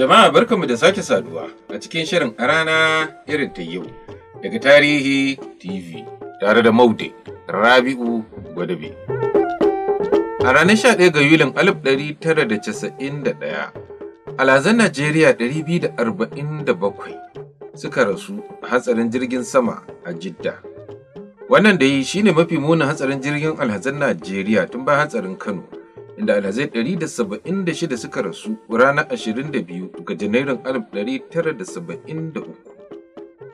Jama'a barkanmu da sake saduwa a cikin shirin a rana irin ta yau daga Tarihi TV tare da Maude Rabi'u Gwadabe. A ranar 11 ga Yulin 1991, alazan Najeriya 247 suka rasu a hatsarin jirgin sama a Jidda. Wannan da yi shine mafi munin hatsarin jirgin alhazan Najeriya tun bayan hatsarin Kano. inda alhazai 176 suka rasu ranar 22 ga janairun 1973.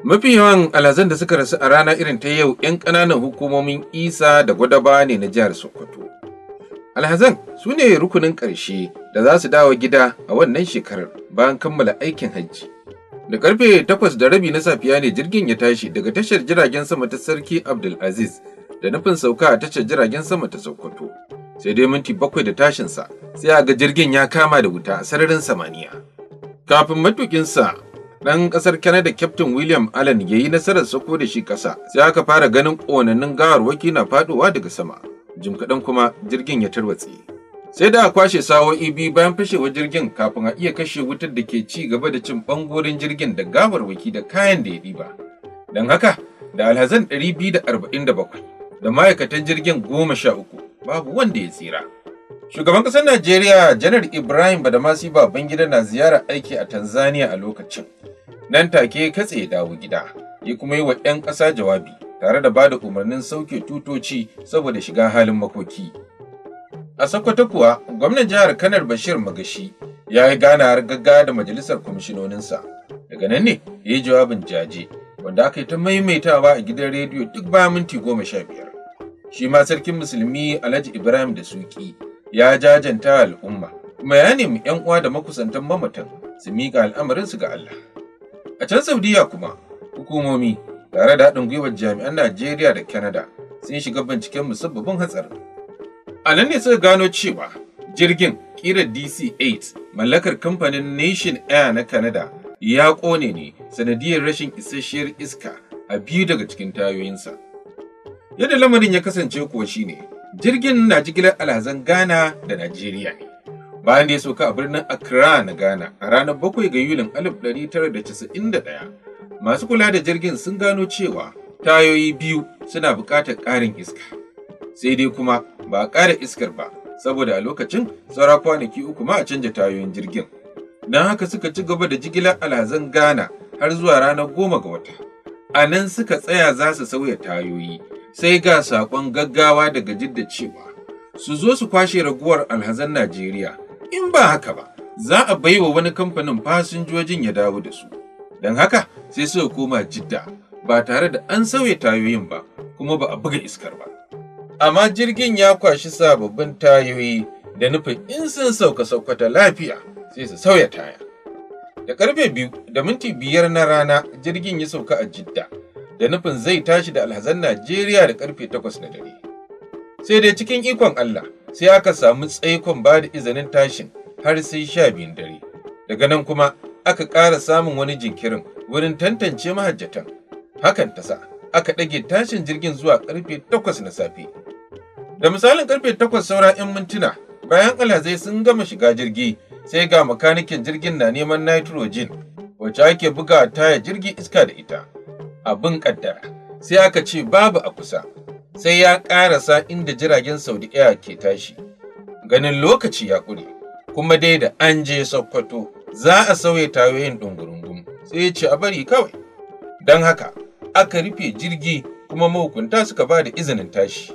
Mafi yawan alhazan da suka rasu a rana irin ta yau 'yan ƙananan hukumomin isa da gwadaba ne na jihar Sokoto. Alhazan su ne rukunin ƙarshe da za su dawo gida a wannan shekarar bayan kammala aikin hajji. Da karfe takwas da rabi na safiya ne jirgin ya tashi daga tashar jiragen sama ta Sarki Abdulaziz da nufin sauka a tashar jiragen sama ta Sokoto. sai dai minti bakwai da tashinsa sai a ga jirgin ya kama da wuta a sararin samaniya. Kafin matukinsa ɗan ƙasar Canada Captain William Allen ya yi nasarar sako da shi ƙasa sai aka fara ganin ƙonannin gawarwaki na faɗowa daga sama. Jim kaɗan kuma jirgin ya tarwatse. Sai da a kwashe sawo'i biyu bayan fashewa jirgin kafin a iya kashe wutar da ke ci gaba da cin ɓangoren jirgin da gawarwaki da kayan da ya ɗiba. Don haka, da alhazan 247 da ma'aikatan jirgin goma sha uku babu wanda ya tsira. Shugaban ƙasar Najeriya Janar Ibrahim Badamasi gida na ziyarar aiki a Tanzania a lokacin. Nan take katse ya dawo gida, ya kuma yi wa 'yan ƙasa jawabi tare da bada umarnin sauke tutoci saboda shiga halin makoki. A Sokoto kuwa, gwamnan jihar Kanar Bashir Magashi ya yi ganawar gaggawa da majalisar kwamishinoninsa. Daga nan ne ya yi jawabin jaje, wanda aka yi ta maimaitawa a gidan rediyo duk bayan minti goma sha biyar. shi ma sarkin musulmi Alhaji Ibrahim da Suki ya jajanta al'umma kuma ya nemi ‘yan uwa da makusantan mamatan su miƙa al'amarinsu ga Allah. A can Saudiya kuma hukumomi tare da haɗin gwiwar jami'an Najeriya da Canada sun shiga binciken musabbabin hatsarin. A nan ne suka gano cewa jirgin ƙirar DC-8 mallakar kamfanin Nation Air na Canada ya ƙone ne sanadiyar rashin isasshiyar iska a biyu daga cikin tayoyinsa. Yadda lamarin ya kasance kuwa shine jirgin na jigilar alhazan Ghana da Najeriya ne. Bayan da ya sauka a birnin Accra na Ghana a ranar 7 ga Yulin 1991, masu kula da jirgin sun gano cewa tayoyi biyu suna buƙatar ƙarin iska. Sai dai kuma ba a ƙara iskar ba, saboda a lokacin saura kwanaki uku ma a canja tayoyin jirgin. Don haka suka ci gaba da jigilar alhazan Ghana har zuwa ranar goma ga wata. A nan suka tsaya za su sauya tayoyi sai ga saƙon gaggawa daga jidda cewa su zo su kwashe raguwar alhazan Najeriya in ba haka ba za a bai wa wani kamfanin fasinjojin ya dawo da su. Don haka sai suka koma jidda ba tare da an sauya tayoyin ba kuma ba a buga iskar ba. Amma jirgin ya kwashi sababbin tayoyi da nufin in sun sauka saukata lafiya sai su sauya taya. Da karfe biyu da minti biyar na rana jirgin ya sauka a jidda. da nufin zai tashi da alhazan Najeriya da karfe takwas na dare. Sai dai cikin ikon Allah sai aka samu tsaikon ba da izinin tashin har sai sha biyun dare. Daga nan kuma aka ƙara samun wani jinkirin wurin tantance mahajjatan. Hakan ta sa aka ɗage tashin jirgin zuwa karfe takwas na safe. Da misalin karfe takwas saura 'yan mintuna bayan alhazai sun gama shiga jirgi sai ga makanikin jirgin na neman nitrogen wacce ake buga taya jirgi iska da ita. abin kaddara sai aka ce babu a kusa sai ya ƙarasa inda jiragen saudi ke tashi ganin lokaci ya ƙure kuma dai da an je sokoto za a sauya tayoyin ɗungurungun sai ya ce a bari kawai don haka aka rufe jirgi kuma mahukunta suka ba da izinin tashi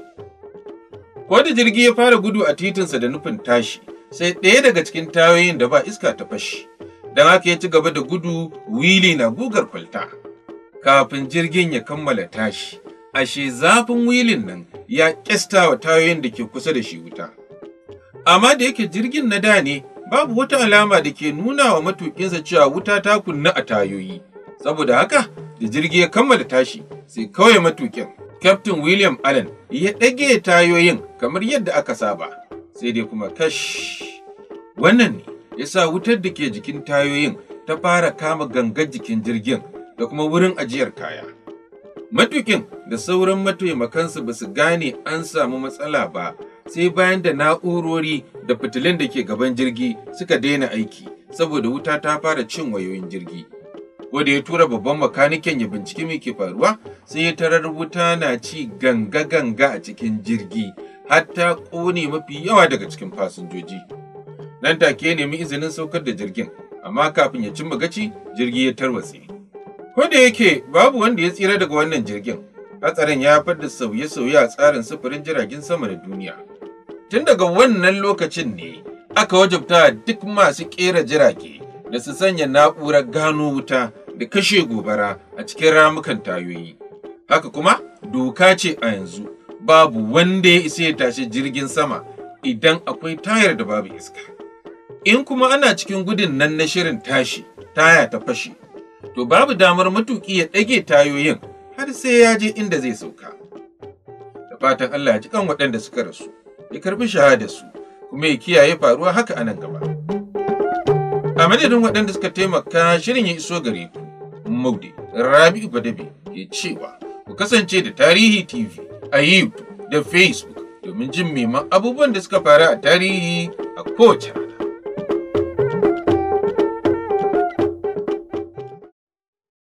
ko da jirgi ya fara gudu a titinsa da nufin tashi sai ɗaya daga cikin tayoyin da ba iska ta fashi don haka ya ci gaba da gudu wili na gugar kwalta kafin jirgin ya kammala tashi. Ashe zafin wilin nan ya wa tayoyin da ke kusa da shi wuta. Amma da yake jirgin na da ne, babu wata alama da ke nuna wa matuƙinsa cewa wuta ta kunna a tayoyi. Saboda haka, da jirgi ya kammala tashi, sai kawai matuƙin. Kyaftin William Allen ya ɗage tayoyin kamar yadda aka saba, sai dai kuma kash. Wannan ne ya sa wutar da ke jikin tayoyin ta fara kama gangar jikin jirgin da kuma wurin ajiyar kaya. Matukin da sauran mataimakansu ba su gane an samu matsala ba sai bayan da na'urori da fitilun da ke gaban jirgi suka daina aiki saboda wuta ta fara cin wayoyin jirgi. Wanda ya tura babban makaniken ya binciki mai ke faruwa sai ya tarar wuta na ci ganga-ganga a cikin jirgi hatta ta ƙone mafi yawa daga cikin fasinjoji. Nan take ya nemi izinin saukar da jirgin, amma kafin ya cimma gaci jirgi ya tarwatse. Ko da yake babu wanda ya tsira daga wannan jirgin, hatsarin ya fi da sauye-sauye a tsarin sufurin jiragen sama da duniya. Tun daga wannan lokacin ne aka wajabta duk masu ƙera jirage da su sanya na'urar gano wuta da kashe gobara a cikin ramukan tayoyi. Haka kuma doka ce a yanzu babu wanda ya isa ya tashi jirgin sama idan akwai tayar da babu iska. In kuma ana cikin gudun nan na shirin tashi, taya ta fashe, to babu damar matuƙi ya ɗage tayoyin har sai ya je inda zai sauka. Da fatan Allah ya ji kan waɗanda suka rasu, ya karɓi su, kuma ya kiyaye faruwa haka anan gaba. A madadin waɗanda suka taimaka shirin ya iso gare ku, Maudi Rabi'u Badabe ke cewa ku kasance da Tarihi TV a YouTube da Facebook domin jin meman abubuwan da suka faru a tarihi a kowace